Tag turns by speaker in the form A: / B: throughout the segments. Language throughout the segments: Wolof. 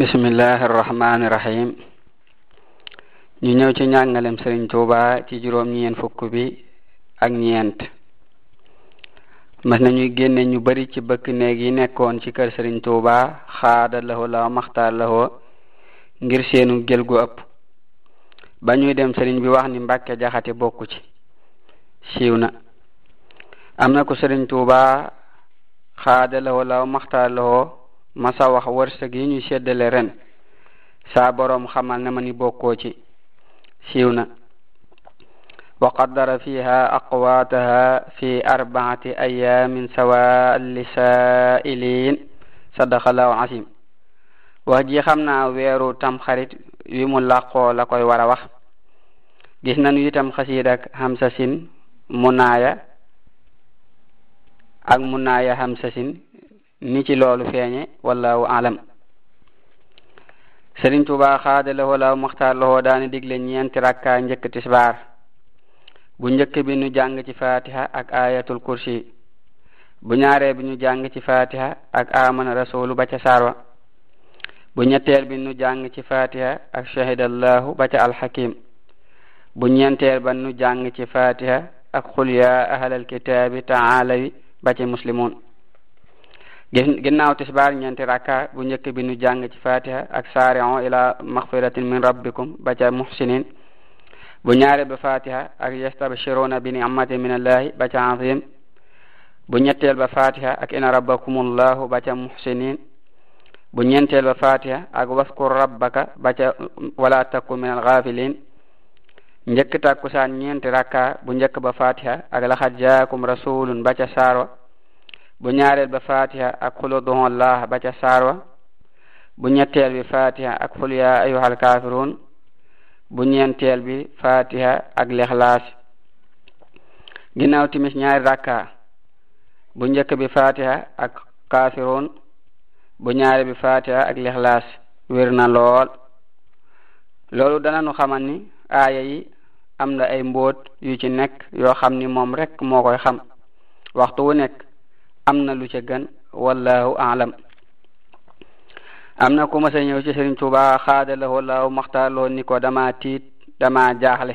A: bismillahi arrahmani irrahim ñu ñëw ci njàngalem sëriñ Tuuba ci juróom ñeent fukk bi ak ñeent mas nañuy génne ñu bari ci bëkk néeg yi nekkoon ci kër sëriñ Tuuba xaada lawo law maxtaar lawoo ngir seenu gël gu ëpp ba ñuy dem sëriñ bi wax ni Mbàkke Jaxate bokk ci siiw na am na ko sëriñ Tuuba xaada lawo law maxtaar lawoo masa wax wërsëg yi ñuy seddale ren saa boroom xamal na ma ni bokkoo ci siiw na wa qaddara fiha aqwaataha fi arbaati ayaamin sawa lisaa'iliin sadaqallahu asim wax xam na weeru tam xarit wi mu làqoo la koy war a wax gis nañu itam xasiid ak hamsa sin munaaya ak munaaya hamsa sin ni ci loolu feeñe wallahu alam Sëriñ Tuubaa xaada la muxtaar la woo digle ñeenti rakka njëkk tisbaar bu njëkk bi nu jàng ci fatiha ak ayatul kursi bu ñaaree bi ñu jàng ci fatiha ak amana rasulu ba ca sarwa bu ñetteel bi nu jàng ci fatiha ak shahidallahu ba ca alxakim bu ñeenteel ba nu jàng ci fatiha ak xul ya ahlal kitaabi taala wi ba ci muslimun ginnaaw tisbaar ñeenti rakka bu njëkk bi nu jàng fatiha ak saarion ila maxfiratin min rabbikum ba ca muhsinin bu ñaare ba fatiha ak yastabshiruna bi ni'matin min allahi ba azim bu ñetteel ba fatiha ak ina rabbakumullahu ba ca muhsinin bu ñeenteel ba fatiha ak waskur rabbaka ba ca takku min alghafilin njëkk takkusaan ñeenti rakka bu njëkk ba fatiha ak laxad jaakum rasulun ba ca bu ñaareel ba fatiha ak xulu doxonlaax ba ca saarwa bu ñetteel bi fatiha ak xul ya ayyuhal bu ñeenteel bi fatiha ak lexlaas ginnaaw timis ñaari rakka bu njëkk bi fatiha ak kaafiruun bu ñaare bi fatiha ak lexlaas wér na lool loolu dana nu xamal ni yi am na ay mbóot yu ci nekk yoo xam ni moom rek moo koy xam waxtu wu nekk am na lu ca gën wallahu alam am na ku mas a ñëw ci Sëriñ Tuubaa xaadalahoo laaw maxtaarloo ni ko dama tiit dama jaaxle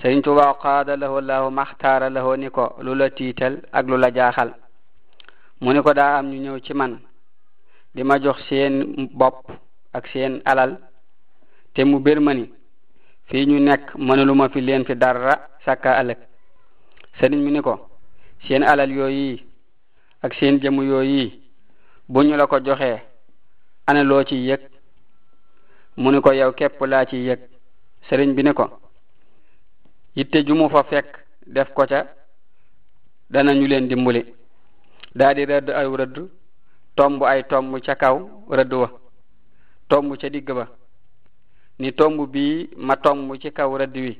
A: Sëriñ Tuubaa xaadalahoo laaw maxtaaralahoo ni ko lu la tiital ak lu la jaaxal mu ni ko daa am ñu ñëw ci man di ma jox seen bopp ak seen alal te mu bér ma ni fii ñu nekk mënaluma fi leen fi dara sakka ëllëg sëriñ mi ni ko seen alal yooyu ak seen jëmu yooyu bu ñu la ko joxee ana ci yëg mu ni ko yow képp laa ci yëg sëriñ bi ne ko yitte ju mu fa fekk def ko ca dana ñu leen dimbali daa di rëdd ay rëdd tomb ay tomb ca kaw rëdd wa tomb ca digg ba ni tomb bii ma tomb ci kaw rëdd wi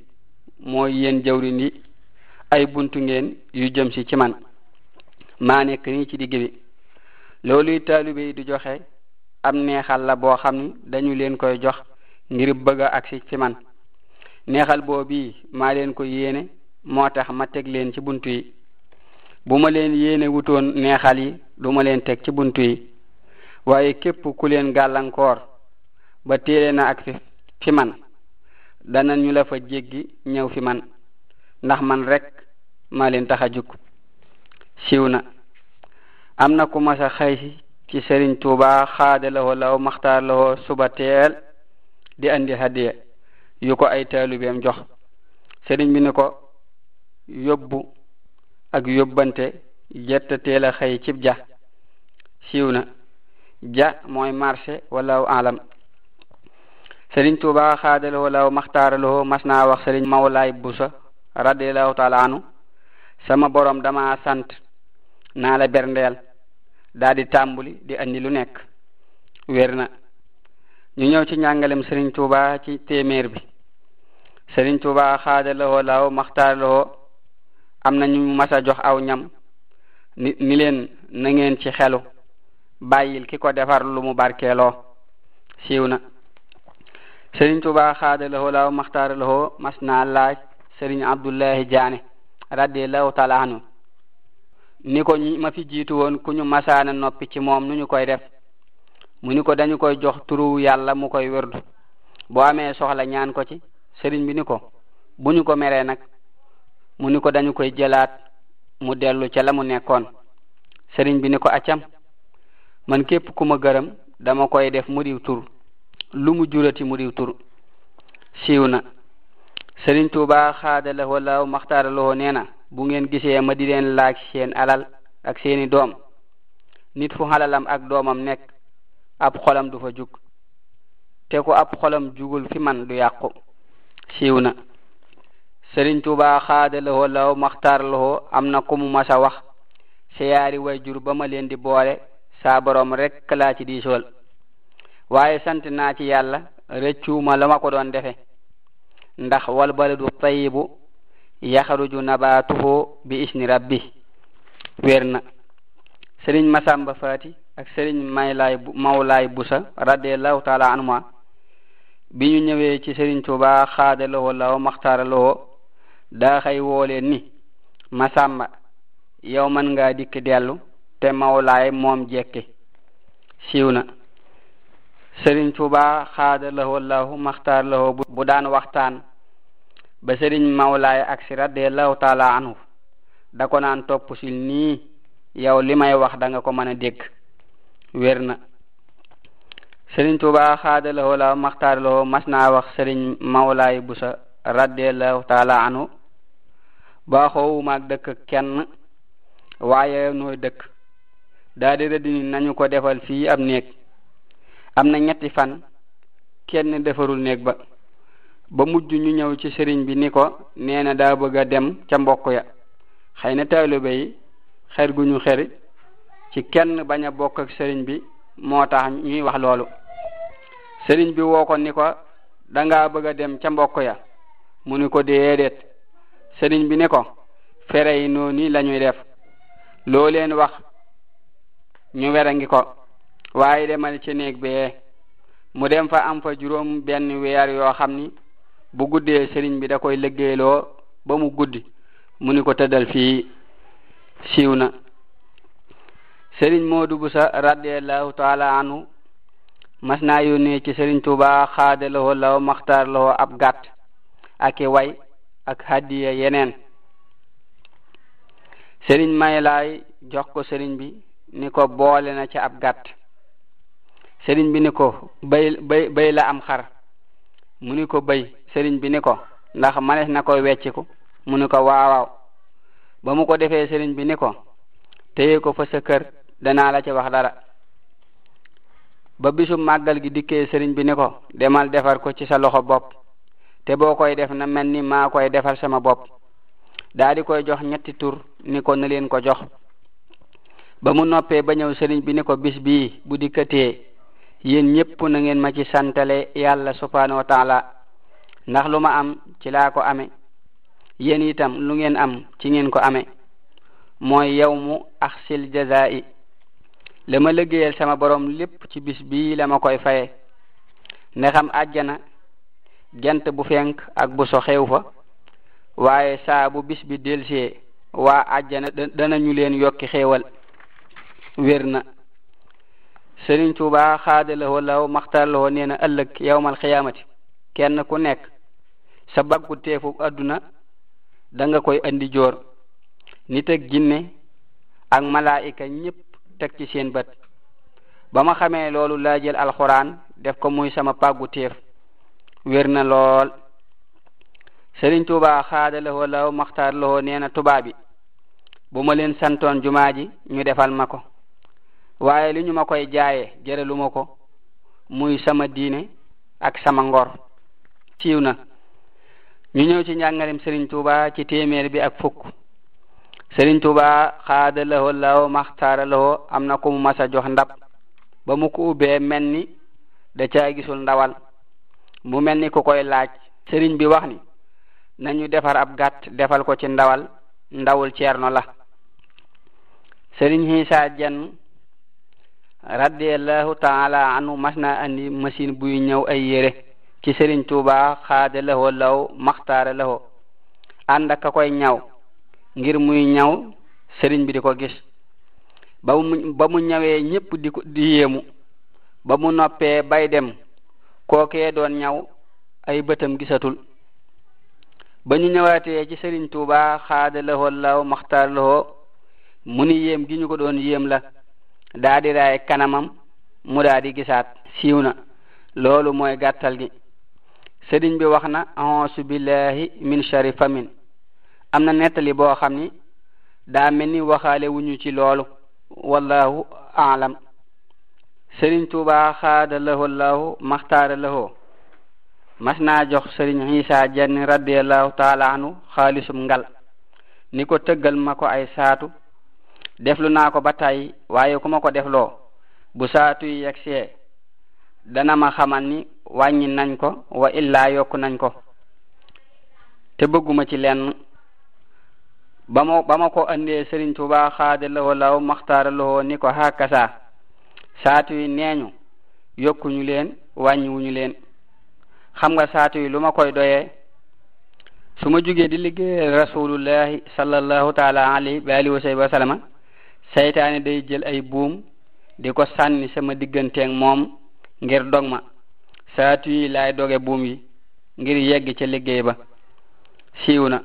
A: mooy yéen jawrin yi ay buntu ngeen yu jëm si ci man maa nekk nii ci digg bi looluy taalibe yi di joxe am neexal la boo xam ni dañu leen koy jox ngir bëgg a agsi ci man neexal boobu maa leen ko yéene moo tax ma teg leen ci buntu yi bu ma leen yéene wutoon neexal yi du ma leen teg ci buntu yi waaye képp ku leen gàllankoor ba téele na agsi fi man dana ñu lafa fa jéggi ñëw fi man ndax man rek maa leen tax a jug siiw na am na ku mas xëy ci Sëriñ tuuba xaada lahoo law maxtaar lahoo suba teel di andi hadiya yu ko ay taalibeem jox sëriñ bi ni ko yóbbu ak yóbbante jetta teel a xëy cib ja siiw na ja mooy marché walaw alam Sëriñ Tuubaa xaada lahoo law maxtaar lahoo mas naa wax Sëriñ Mawlaay Busa radiallahu taala anu sama borom dama sant naa la berndeel daa di tàmbuli di andi lu nekk wér ñu ñëw ci njàngalem Sëriñ Tuuba ci téeméer bi Sëriñ Tuuba xaada lawoo law maxtaar lawoo am na ñu masa jox aw ñam ni ni leen ngeen ci xelu bàyyil ki ko defar lu mu barkeeloo siiw na Sëriñ Tuuba xaada lawoo law maxtaar lawoo mas naa laaj Sëriñ Abdullahi Jaane radiallahu taala anhu ni ko ñi ma fi jiitu woon ku ñu masaa na noppi ci moom nu ñu koy def mu ni ko dañu koy jox turu yàlla mu koy wérdu boo amee soxla ñaan ko ci sëriñ bi ni ko bu ñu ko meree nag mu ni ko dañu koy jëlaat mu dellu ca la mu nekkoon sëriñ bi ni ko accam man képp ku ma gërëm dama koy def mu diw tur lu mu jurati mu diw tur siiw na sëriñ Tuubaa xaadalawoo law maxtaaralowoo nee na bu ngeen gisee ma di leen laaj seen alal ak seeni doom nit fu alalam ak doomam nekk ab xolam du fa jug te ku ab xolam jugul fi man du yàqu siiw na sëriñ Tuubaa xaadalawoo law maxtaar lawoo am na ku mu mas wax seyaari way jur ba ma leen di boole saa borom rekk laa ci diisool waaye sant naa ci yàlla rëccuuma la ma ko doon defe ndax wal baladu tayibu yaxaruju nabaatuhu bi isni rabbi weer na sëriñ masamba faati ak sëriñ maylaay mawlaay busa radiallahu taala anhuma bi ñu ñëwee ci sëriñ tuuba xaada lowoo law maxtaara lowoo daa xëy wooleen ni masamba yow man nga dikk dellu te mawlaay moom jekki siiw na sëriñ tuuba xaada lowoo law maxtaara lowoo bu daan waxtaan ba sëriñ mawlaay ak si radiallahu taala anhu da topp sil nii yow li may wax danga ko mën a dégg wér na sëriñ Tuubaa xaadalawoo la maxtaaralawoo mas naa wax sëriñ mawlaay bu sa radiallahu taala anhu ba xowumaag dëkk kenn waaye nooy dëkk daa di rëdd nañu ko defal fii ab néeg am na ñetti fan kenn defarul néeg ba ba mujj ñu ñëw ci sëriñ bi ni ko nee na daa bëgg a dem ca mbokk ya xëy na taalibe yi xer gu ñu xer ci kenn bañ a bokk ak sëriñ bi moo tax ñuy wax loolu sëriñ bi woo ko ni ko da ngaa bëgg a dem ca mbokk ya mu ni ko déedéet sëriñ bi ni ko fere yi noonu la def looleen wax ñu wera ngi ko waaye demal ci néeg bee mu dem fa am fa juróom benn weer yoo xam ni bu guddee sëriñ bi da koy liggéeyloo ba mu guddi mu ni ko tëddal fii siiw na sëriñ moo Busa radiallahu taala anhu mas naa yónnee ci sëriñ Tuuba xaade lawoo law maxtaar lawoo ab gàtt ak i way ak hadiya yeneen sëriñ Maylaay jox ko sëriñ bi ni ko boole na ci ab gàtt sëriñ bi ni ko bay bay bay la am xar mu ni ko béy sëriñ bi ni ko ndax manees na ko wecciku mu ni ko waawaaw ba mu ko defee sëriñ bi ni ko téye ko fa sa kër danaa la ci wax dara ba bisu màggal gi dikkee sëriñ bi ni ko demal defar ko ci sa loxo bopp te boo koy def na mel ni maa koy defar sama bopp daa di koy jox ñetti tur ni ko na leen ko jox ba mu noppee ba ñëw sëriñ bi ni ko bis bii bu dikkatee yéen ñépp na ngeen ma ci santale yàlla subhanahu wa taala ndax lu ma am ci laa ko amee yéen itam lu ngeen am ci ngeen ko amee mooy yow mu axsil jazaa'i la ma liggéeyal sama boroom lépp ci bis bii la ma koy faye ne xam àjjana jant bu fenk ak bu so xew fa waaye saa bu bis bi delsee waa àjjana danañu leen yokki xewal wér Sëriñ Tuubaa xaadalawoo law maxtarlawoo nee na ëllëg yawmal xiyaamati kenn ku nekk sa baggu teefu adduna da nga koy andi joor nit ak jinne ak malaayika ñëpp teg ci seen bët ba ma xamee loolu laa jël alxuraan def ko muy sama pàggu téef na lool Sëriñ Tuubaa xaadalawoo law maxtarlawoo nee na tubaab bi bu ma leen santoon jumaa ji ñu defal ma ko waaye li ñu ma koy jaaye jëralu ko muy sama diine ak sama ngor siiw na ñu ñëw ci njàngalem Serigne Touba ci téeméer bi ak fukk sëriñ Touba xaada lawo lawo maxtaara lawo am na ko mu masa jox ndab ba mu ko ubbee mel ni da ca gisul ndawal mu mel ni ku koy laaj sëriñ bi wax ni nañu defar ab gàtt defal ko ci ndawal ndawul ceerno la Serigne Issa Dieng radiallahu taala anhu mas naa andi machine buy ñëw ay yére ci Sëriñ Tuuba xaada lawo law maxtaara lawo ànd ak koy ñaw ngir muy ñaw sëriñ bi di ko gis ba mu mu ñawee ñëpp di ko yéemu ba mu noppee bay dem kookee doon ñaw ay bëtam gisatul ba ñu ñëwaatee ci Sëriñ Tuuba xaada lawo law maxtaara lawo mu ni yéem gi ñu ko doon yéem la daa di kanamam mu daadi di gisaat siiw na loolu mooy gàttal gi sëriñ bi wax na aousu billahi min shari am na nettali boo xam ni daa mel ni waxaale wuñu ci loolu wallahu alam sëriñ tuuba xaada lahoo lahu maxtaara lahoo mas naa jox sëriñ isa jenn radiallahu taala anhu xaalisum ngal ni ko tëggal ma ko ay saatu deflu naa ko ba tàyyi waaye ku ma ko defloo bu saatu yi yegsee dana ma xamal ni wàññi nañ ko wa illaa yokk nañ ko te bëgguma ci leen ba ma ba ko andee Sëriñ Tuubaa xaada lawoo law maxtaara lawoo ni ko saatu yi neeñu yokkuñu leen wàññiwuñu leen xam nga saatu yi lu ma koy doyee su ma jugee di liggéeyal rasulullahi sallallahu taala alayhi wa alihi wa sahbihi seytaane day jël ay buum di ko sànni sama digganteeg moom ngir dog ma saatu yi laay doge buum yi ngir yegg ci liggéey ba siiw na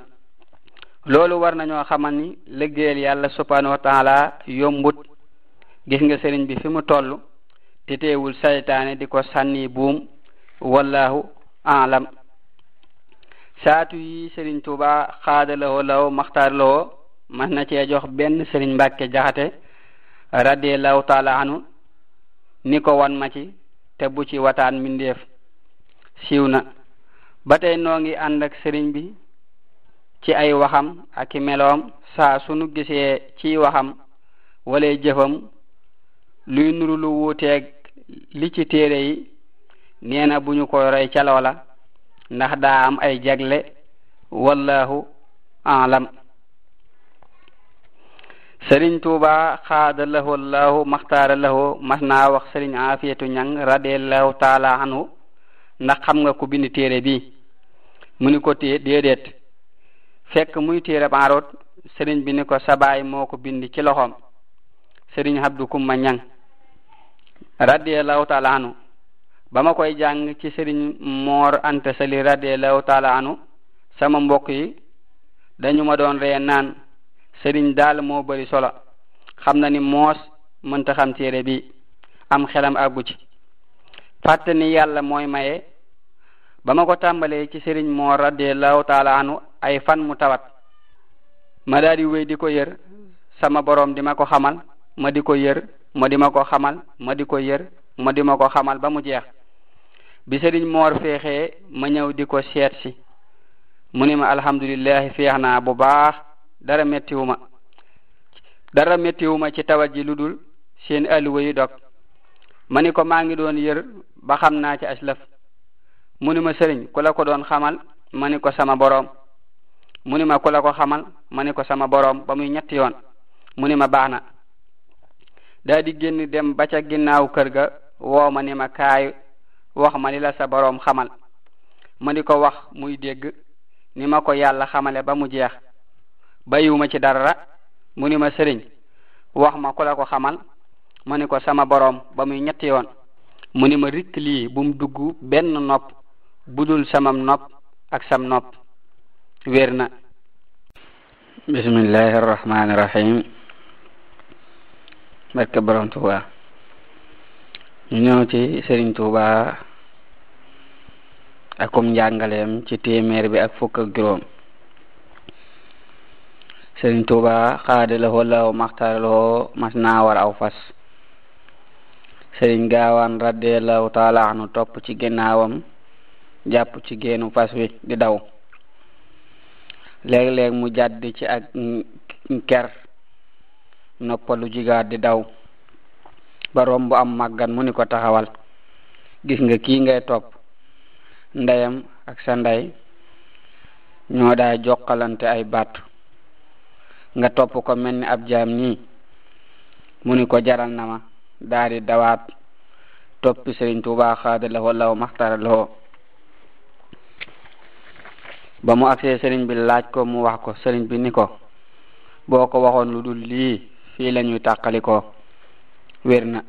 A: loolu war nañoo xamal ni liggéeyal yàlla subhanahu wa taala yombut gis nga sëriñ bi fi mu toll te teewul saytaane di ko sànni buum wallahu alam saatu yi sëriñ tuuba xaadalawoo law maxtaarlawoo mën na cee jox benn sëriñ Mbàkke jaxate radiallahu taala anu ni ko wan ma te bu ci wataan mbindeef siiw na ba tey noo ngi ànd ak sëriñ bi ci ay waxam ak i saa sunu gisee ci waxam wala jëfam luy nuru lu wuuteeg li ci téere yi nee na bu ko roy ca loola ndax daa am ay jagle wallahu alam sëriñ tuuba xaada laho llahu maxtaara laho mas naa wax sëriñ aafiyatu ñang radee llahu taala anu ndax xam nga ku bind téere bi mu ni ko déedéet fekk muy téere maarot sëriñ bi ni ko sabaay moo ko bind ci loxoom sëriñ habdu kumma ñang radee llahu taala anu ba ma koy jàng ci sëriñ moor ante sali radee llahu taala anu sama mbokk yi dañu ma doon ree naan sëriñ daal moo bari solo xam na ni moos mënta xam téere bi am xelam àggu ci fàtte ni yàlla mooy maye ba ma ko tàmbalee ci sëriñ moor radiallahu taala anu ay fan mu tawat ma daal di di ko yër sama boroom di ma ko xamal ma di ko yër ma di ma ko xamal ma di ko yër ma ma ko xamal ba mu jeex bi sëriñ moor feexee ma ñëw di ko seet si mu ni ma alhamdulillahi feex naa bu baax dara mettiwuma dara mettiwuma ci tawal ji lu dul seen alluwa dog ma ni ko maa ngi doon yér ba xam naa ci aslaf mu ni ma sëriñ ku la ko doon xamal ma ni ko sama boroom mu ni ma ku la ko xamal ma ni ko sama boroom ba muy ñetti yoon mu ni ma baax na daa génn dem ba ca ginnaaw kër ga woo ma ni ma kaay wax ma ni la sa boroom xamal ma di ko wax muy dégg ni ma ko yàlla xamale ba mu jeex bàyyiwuma ci dara mu ni ma sëriñ wax ma ku ko xamal mu ni ko sama boroom ba muy ñetti yoon mu ni ma rikk lii bu dugg benn nopp budul samam nopp ak sam nopp wér na bismillahi arrahmani rahim barke borom tuuba ñu ci sëriñ tuuba akum njàngaleem ci téeméer bi ak fukk ak juróom Sëriñ Tuuba xaadalawoo law maxtaaralawoo mas naa war aw fas Sëriñ Gaawaan radiallahu taala anu topp ci ginnaawam jàpp ci génnu fas wi di daw léeg-léeg mu jàdd ci ak ker noppalu jigaat di daw ba romb am màggat mu ni ko taxawal gis nga kii ngay topp ndeyam ak sa ndey ñoo daa jokkalante ay baat nga topp ko mel ni ab jaam mu ni ko jaral na ma daal dawaat toppi Sëriñ Tuubaa xaada la law maxtara la ba mu agsee sëriñ bi laaj ko mu wax ko sëriñ bi ni ko boo ko waxoon lu dul lii fii la ñuy tàqali ko wér na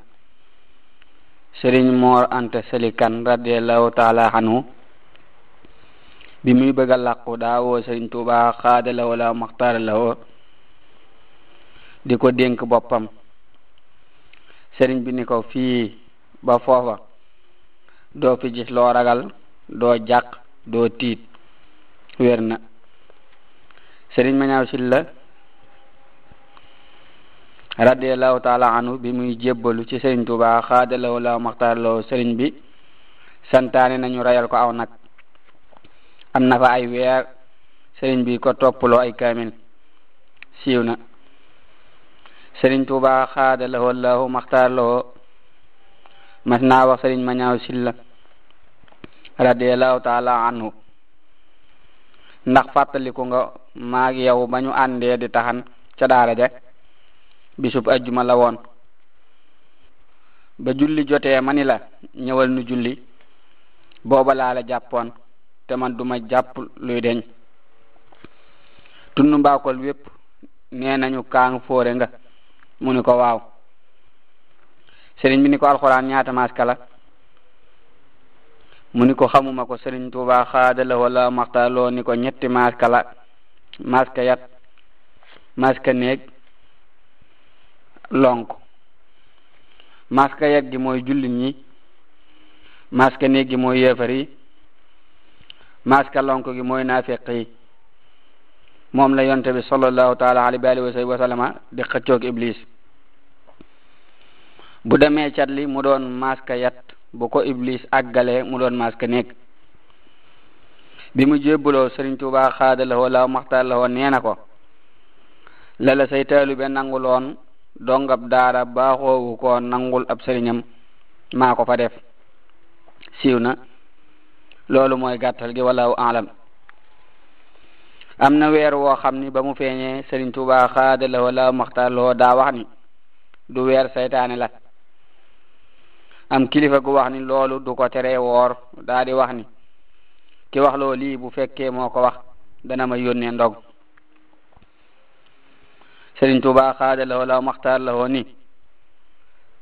A: sëriñ Moor Anta Sali Kan radiallahu taala anhu bi muy bëgg a làqu daa woo Sëriñ Tuubaa xaada la law maxtara la di ko dénk boppam sëriñ bi ni ko fii ba foofa doo fi loo ragal doo jàq doo tiit wér na sëriñ Mañaaw Silla radiallahu taala anhu bi muy jébbalu ci sëriñ Tuubaa xaadalawo la maxtaarlawo sëriñ bi santaane nañu rayal ko aw nag am na fa ay weer sëriñ bi ko toppaloo ay kaamil siiw na sëriñ tuuba xaada la wallahu maxtaar la woo mas naa wax sëriñ ma ñaaw silla radiallahu taala anhu ndax fàttaliku nga maag yow ba ñu àndee di taxan ca daara bisub ajjuma la woon ba julli jotee ma ni la ñëwal nu julli booba laa jàppoon te man duma jàpp luy deñ tunnu mbaakol wépp nee nañu kaang foore nga mu ni ko waaw sëriñ bi ni ko alxuraan ñaata maska mu ni ko xamuma ko sëriñ Tuuba xaadala wala maxtaloo ni ko ñetti maska la maska yat maska néeg lonk maska yat gi mooy jullit ñi maska néeg gi mooy yéefar maska lonk gi mooy naafeq moom la yonte bi sallallahu taala alayhi wa alihi wa sallama di xëccoog iblis bu demee cat li mu doon maska yat bu ko iblis àggalee mu doon maska nekk bi mu jébbaloo Sëriñ Tuubaa xaadalawoo laaw maxtaarlawoo nee ko lala say taalu be nanguloon dongab daara baaxoowu ko nangul ab sëriñam maa ko fa def siiw na loolu mooy gàttal gi walaahu alam am na weer woo xam ni ba mu feeñee Sëriñ Tuubaa xaadalawoo la maxtarlawoo daa wax du weer seytaane la am kilifa gu wax ni loolu du ko teree woor daa di wax ni ki wax lii bu fekkee moo ko wax dana ma yónnee ndog Sëriñ Tuubaa xaadalawoo la maxtarlawoo ni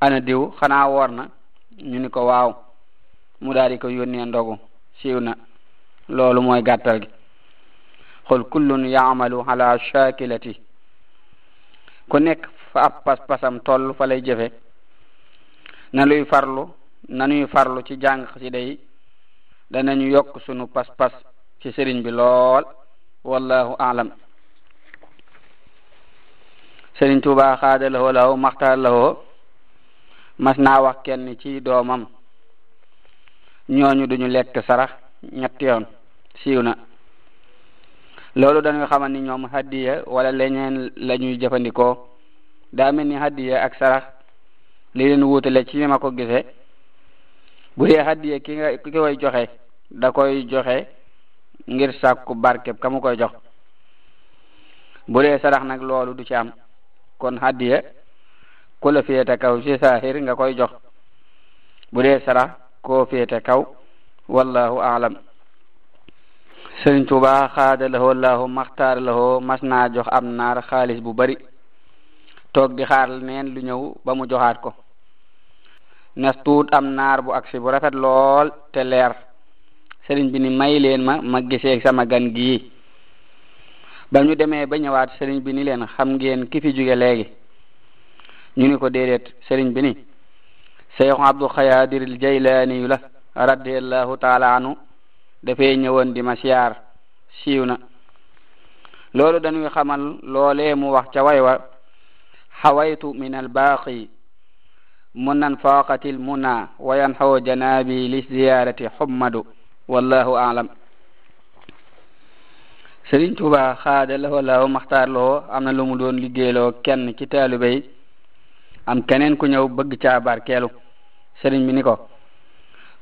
A: ana diw xanaa woor na ñu ni ko waaw mu daal di ko yónnee ndogu siiw na loolu mooy gàttal gi xol kullun yaamalu ala shakilati ku nekk fa ab pas-pasam toll fa lay jëfe na luy farlu na nuy farlu ci jàng xasida yi danañu yokk sunu pas-pas ci sëriñ bi lool wallahu alam sëriñ Tuubaa xaada lahoo lahoo maxtaar lahoo mas naa wax kenn ci doomam ñooñu duñu lekk sarax ñetti yoon loolu dañuy xamal ni ñoom hadiya wala leneen lañuy jëfandikoo daa mel ni hadiya ak sarax li leen wuutale ci ni ma ko gisee bu dee hadiya ki koy joxe da koy joxe ngir sàkku barkeb ka mu koy jox bu dee sarax nag loolu du ci am kon hadiya ku la féete kaw ci saahir nga koy jox bu dee sarax koo féete kaw wallahu aalam sëriñ Tuuba xaada lahoo lahoo maxtaar lahoo mas naa jox am naar xaalis bu bari toog di xaar neen lu ñëw ba mu joxaat ko nes am naar bu aksi bu rafet lool te leer sëriñ bi ni may leen ma ma gisee sama gan gii ba ñu demee ba ñëwaat sëriñ bi ni leen xam ngeen ki fi jóge léegi ñu ni ko déedéet sëriñ bi ni Seexu Abdul Xayaadiril Jaylaani yu la radiallahu taala dafay ñëwoon di ma siyaar siiw na loolu dañuy xamal loolee mu wax ca way wa xawaytu min albaaqi munan faaqatil muna wayan xaw janaabi li ziyaarati xummadu wallahu aalam Sëriñ Tuuba xaada la wala maxtaar loo am na lu mu doon liggéeyloo kenn ci taalibe yi am keneen ku ñëw bëgg caa barkeelu sëriñ bi ko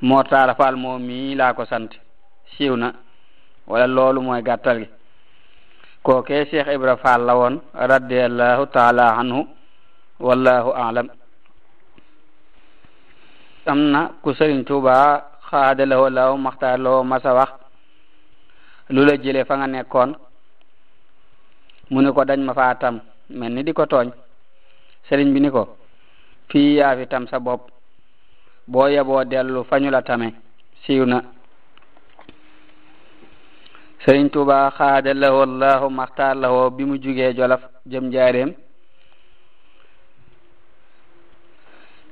A: Mor Talla Fall mii laa ko sant siiw na wala loolu mooy gàttal gi kookee Cheikh Ibra Fall la woon radiallahu taala anhu wallahu alam am na ku Sëriñ Tuuba xaada la wala maxtaar la masa wax lu la jële fa nga nekkoon mu ni ko dañ ma faa tam mel ni di ko tooñ sëriñ bi ni ko fii yaa tam sa bopp boo yeboo dellu fa la tame siiw sëriñ tuba xaadalahu allahu maxtaar laho bi mu jugee jolaf jëm jaareem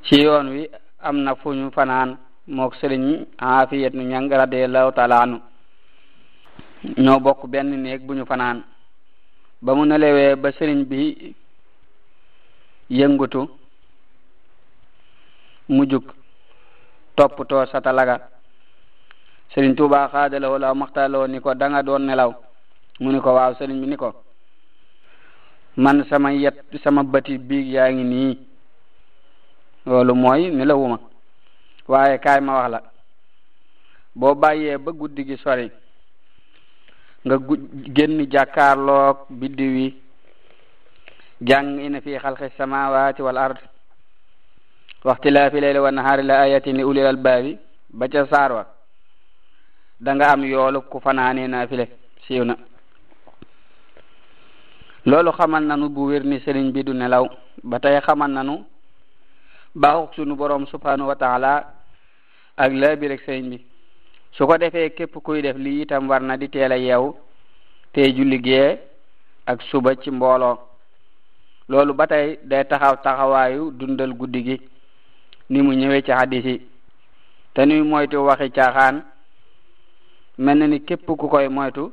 A: ci yoon wi am na fu ñu fanaan moog sëriñ aafiyat nu ñang radiallahu taala anu ñoo bokk benn néeg bu ñu fanaan ba mu nelewee ba sëriñ bi yëngutu mu jug toppatoo satalaga sëriñ Tuubaa xaadalawo law maxtaaloo ni ko da nga doon nelaw mu ni ko waaw sëriñ bi ni ko man sama yet sama bati biig yaa ngi nii loolu mooy nelawuma waaye kaay ma wax la boo bàyyee ba guddi gi sori nga gu génn jàkkaarloog biddiw yi jàng ina fi xalqi samawati wal ard waxtilaafi layli wa nahaari la ayatin li ulil albaabi ba ca saar wa da am yoolu ku fanaanee naafile siiw na loolu xamal nanu bu wér ni sëriñ bi du nelaw ba tey xamal nanu baaxuk sunu boroom subhanahu wataala ak laa bi rek sëriñ bi su ko defee képp kuy def lii itam war na di teel a yeew te julli gee ak suba ci mbooloo loolu ba tey day taxaw taxawaayu dundal guddi gi ni mu ñëwee ci hadis te nuy moytu waxi caaxaan mel na ni képp ku koy moytu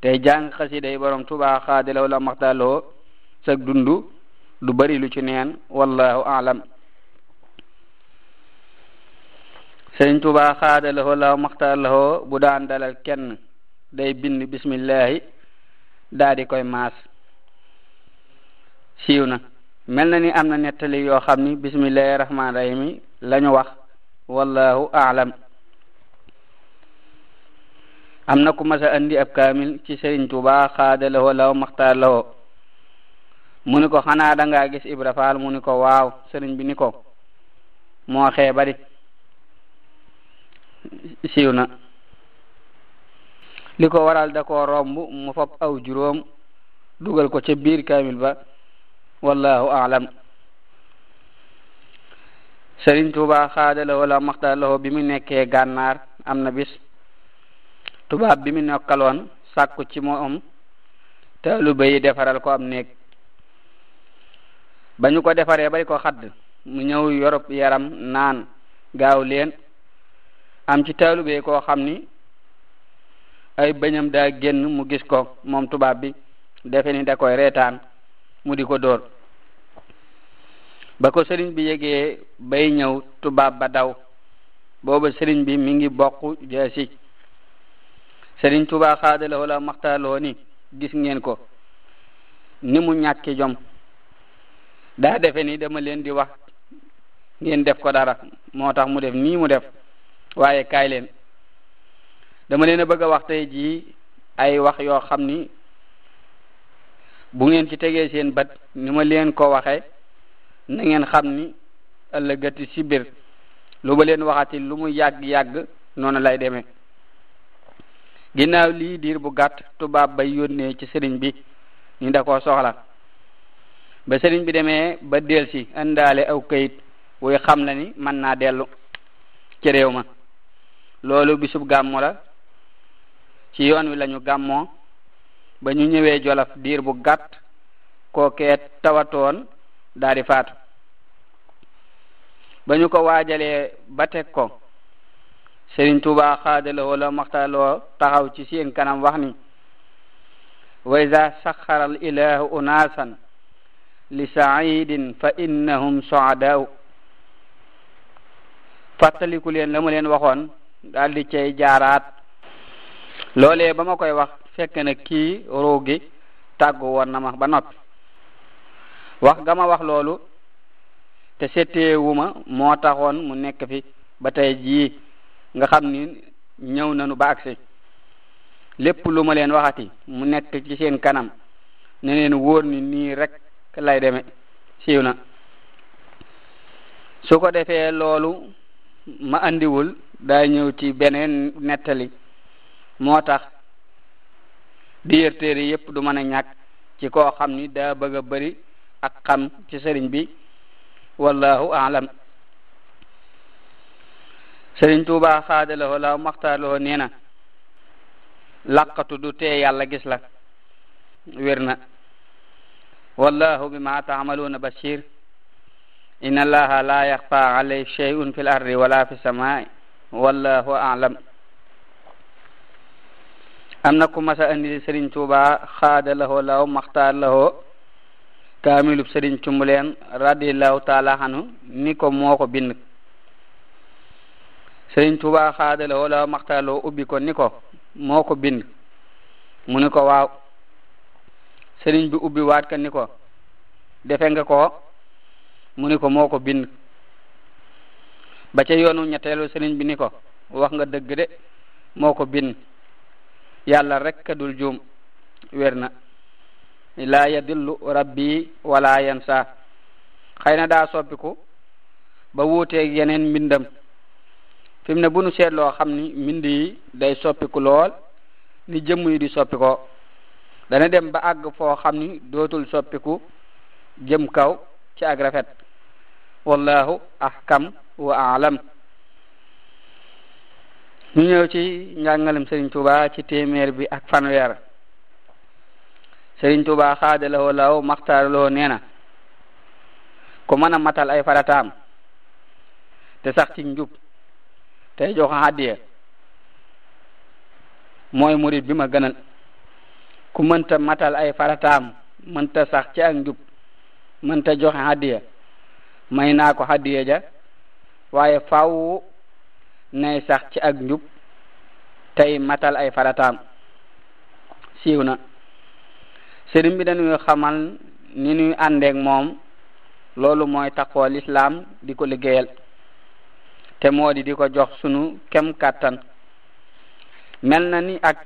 A: tey jàng xasida yi borom Tuubaa xaadalaw la maxtaaloo sag dundu du bari lu ci neen wallahu alam Sëriñ Tuubaa xaadalahoo law maxtaalahoo bu daan dalal kenn day bind bismillahi daa koy maas siiw na mel na ni am na nettali yoo xam ni bismillahi rahmaani rahim lañu wax wallahu alam am na ku mas a andi ab kaamil ci Sëriñ Tuubaa xaada lawo law maxtaar lawo mu ni ko xanaa da gis Ibra Faal mu ni ko waaw sëriñ bi ni ko moo xee bari siiw na li ko waral da koo romb mu fop aw juróom dugal ko ca biir kaamil ba wallahu aalam Sëriñ Tuubaa xaada lawo law maxtaar lawo bi mu nekkee gànnaar am na bis tubaab bi mu nokkaloon sàkku ci moom taaluba yi defaral ko am néeg ba ñu ko defaree bay ko xadd mu ñëw yorop yaram naan gaaw leen am ci taaluba yi koo xam ni ay bañam daa génn mu gis ko moom tubaab bi defe ni da koy reetaan mu di ko door ba ko sëriñ bi yegee bay ñëw tubaab ba daw booba sëriñ bi mu ngi bokk jaasi Serigne Touba xaada la wala maxtaaloo ni gis ngeen ko ni mu ñàkki jom daa defe ni dama leen di wax ngeen def ko dara moo tax mu def nii mu def waaye kaay leen dama leen a bëgg a wax tey jii ay wax yoo xam ni bu ngeen ci tegee seen bat ni ma leen ko waxe na ngeen xam ni ëllëgati si biir lu ba leen waxati lu mu yàgg-yàgg noonu lay demee ginnaaw lii diir bu gàtt tubaab bay yónnee ci sëriñ bi ni da koo soxla ba sëriñ bi demee ba del si indaale aw këyit wuy xam na ni mën naa dellu ci réew ma loolu bisub gàmmo la ci yoon wi lañu gàmmoo ba ñu ñëwee jolof diir bu gàtt kookee tawatoon daa di faatu ba ñu ko waajalee ba teg ko Sëriñ Tuuba xaadalawoo la maxtaloo taxaw ci seen kanam wax ni wa ida saxara al ilahu unasan li saidin fa innahum soadaau fàttaliku leen la ma leen waxoon daal di cey jaaraat loolee ba ma koy wax fekk na kii ruugi tàggu woon na ma ba noppi wax ga wax loolu te setteewuma moo taxoon mu nekk fi ba tey jii nga xam ni ñëw nañu ba agsi lépp lu ma leen waxati mu nekk ci seen kanam ne leen wóor ni nii rekk lay deme siiw na su ko defee loolu ma andiwul daa ñëw ci beneen nettali moo tax diyeer téere yépp du mën a ñàkk ci ko xam ni daa bëgg a bëri ak xam ci sëriñ bi wallahu aalam sëriñ tuuba xaadaloo la maxtaaloo nee na laqatu du tee yàlla gis la wér na wallahu bima taamaluuna basir inna allaha la yaxfa alay sheyun fi l ardi wala fi samaai wallahu alam am na ku masa andi sëriñ tuuba xaadaloo law maxtaaloo kaamilub sëriñ cumbuleen radiallahu taala anhu ni ko moo ko bind sëriñ Tuubaa xaadala wala maxtaaloo ubbi ko ni ko moo ko bind mu ni ko waaw sëriñ bi ubbi waat ka ni ko defe nga ko mu ni ko moo ko bind ba ca yoonu ñetteelu sëriñ bi ni ko wax nga dëgg de moo ko bind yàlla rek ka dul juum wér na laa yadillu rabbi wala yansa xëy na daa soppiku ba wuute yeneen mbindam fi mu ne bu nu loo xam ni mbind yi day soppiku lool ni jëmm yi di soppi dana dem ba àgg foo xam ni dootul soppiku jëm kaw ci ak rafet wallahu ahkam wa alam ñu ñëw ci njàngalem Serigne Touba ci téeméer bi ak fanweer Serigne Touba xaadalawoo law maxtaaraloo nee na ku mën a matal ay farataam te sax ci njub tey jox addiya mooy murid bi ma gënal ku mënta matal ay farataam mënta sax ci ak njub mënta joxe addiya may naa ko addiya ja waaye faw nay sax ci ak njub tey matal ay farataam siiw na sëriñ bi dañuy xamal ni nuy àndeek moom loolu mooy taxoo lislaam di ko liggéeyal te moo di di ko jox sunu kem kàttan mel na ni ak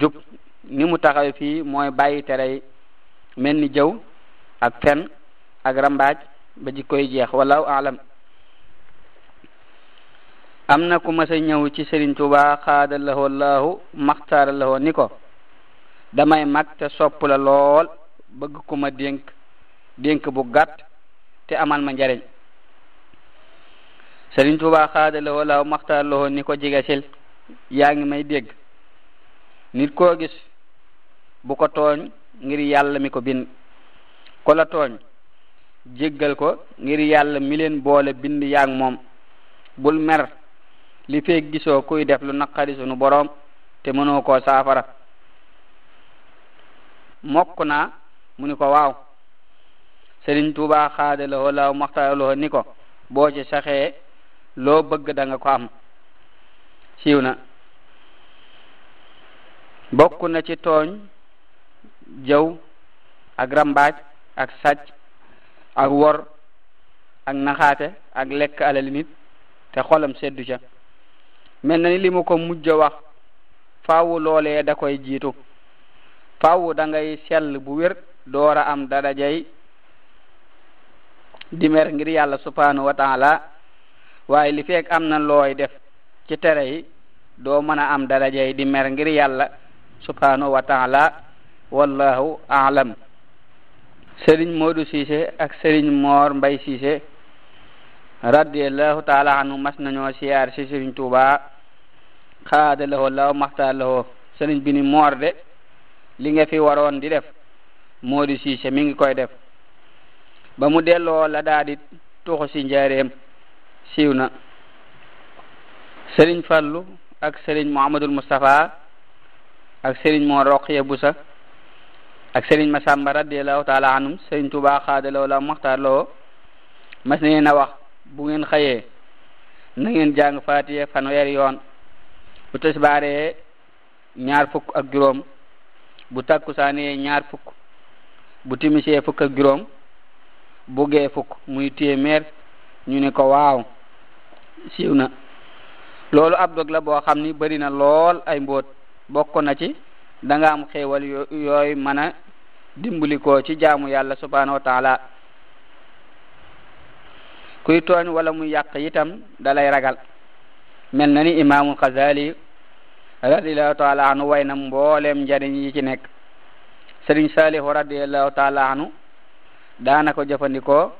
A: jub ni mu taxaw fii mooy bàyyi tere mel ni jëw ak fen ak rambaaj ba jikkoy jeex wallahu alam am na ku mas ñëw ci Sëriñ Tuubaa xaada lahoo laahu maxtaara lahoo ni ko damay mag te sopp la lool bëgg kuma ma dénk bu gàtt te amal ma njariñ Sëriñ Tuubaa xaada lawoo laaw maxtaar lawoo ni ko jigasil yaa ngi may dégg nit koo gis bu ko tooñ ngir yàlla mi ko bind ko la tooñ jéggal ko ngir yàlla mileen boole bind yaa moom bul mer li feeg gisoo kuy def lu naqari sunu boroom te mënoo ko saafara mokk na mu ni ko waaw Sëriñ Tuubaa xaada lawoo laaw maxtaar lawoo ni ko boo ci saxee loo bëgg danga ko am
B: siiw na bokk na ci
A: tooñ jëw ak rambaaj ak saj ak wor ak naxaate ak lekk alal te xolam seddu ca mel na ni limu ko mujj wax faawu loolee da koy jiitu fawu dangay ngay sell bu wér door a am darajay dimer ngir yàlla subhanahu wa waaye li fekk am na looy def ci tere yi doo mën a am yi di mer ngir yàlla subhanahu wa taala wallahu aalam sëriñ Modou Cissé ak sëriñ Moor Mbay Cissé radiallahu taala anhu mas nañoo siyaar si sëriñ Tuubaa xaada lahoo law maxtaa lahoo sëriñ bi ni moor de li nga fi waroon di def Modou Cissé mi ngi koy def ba mu delloo la daa di si njaareem siiw na sëriñ Fallu ak sëriñ Muhammadul Mustafa ak sëriñ Mor Roqiya Busa ak sëriñ Masamba radiallahu taala anhum sëriñ Tuubaa xaadalawo la maxtaar loo mas na ngeen a wax bu ngeen xëyee na ngeen jàng faatiye fanweer yoon bu tisbaaree ñaar fukk ak juróom bu takkusaanee ñaar fukk bu timisee fukk ak juróom bu fukk muy téeméer ñu ne ko waaw siiw loolu ab dog la boo xam ni bari na lool ay mbóot bokk na ci danga am xéewal yooyu mën a dimbali ko ci jaamu yàlla subhanahu wa taala kuy tooñ wala mu yàq itam dalay ragal mel na ni imaamul Xasaali radiallahu taala anu way na mbooleem njariñ yi ci nekk sëriñ Saalihu radiallahu taala anu daana ko jëfandikoo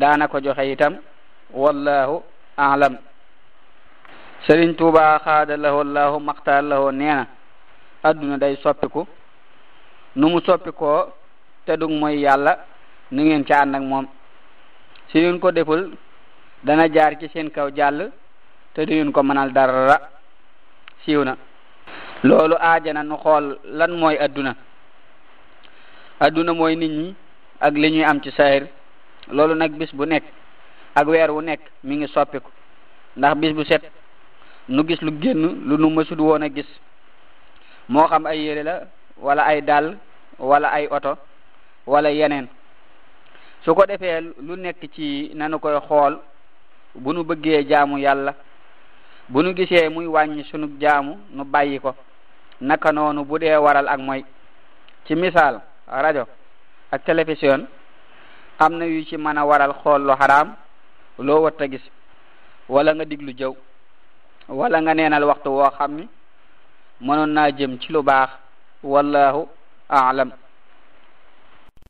A: daana ko joxe itam wallahu alam Sëriñ Tuubaa xaada la lahu maxtaar lahoo nee na adduna day soppiku nu mu soppikoo te dug mooy yàlla nu ngeen ca ànd moom si ngeen ko deful dana jaar ci seen kaw jàll te du ngeen ko mënal dara siiw na loolu aajana nu xool lan mooy adduna adduna mooy nit ñi ak li ñuy am ci saayir loolu nag bis bu nekk ak weer wu nekk mi ngi soppiku ndax bis bu set nu gis lu génn lu nu mësut woon a gis moo xam ay yére la walla ay dàll wala ay oto walla yeneen su ko defee lu nekk ci nanu koy xool bu nu bëggee jaamu yàlla bu nu gisee muy wàññi sunu jaamu nu bàyyi ko naka noonu bu dee waral ak mooy ci misaal rajo ak télévision am na yu ci mën a waral xool lu xaraam lo warta gis wala nga diglu jaw wala nga neenal waxtu wo xamni mënon na jëm ci lu baax wallahu a'lam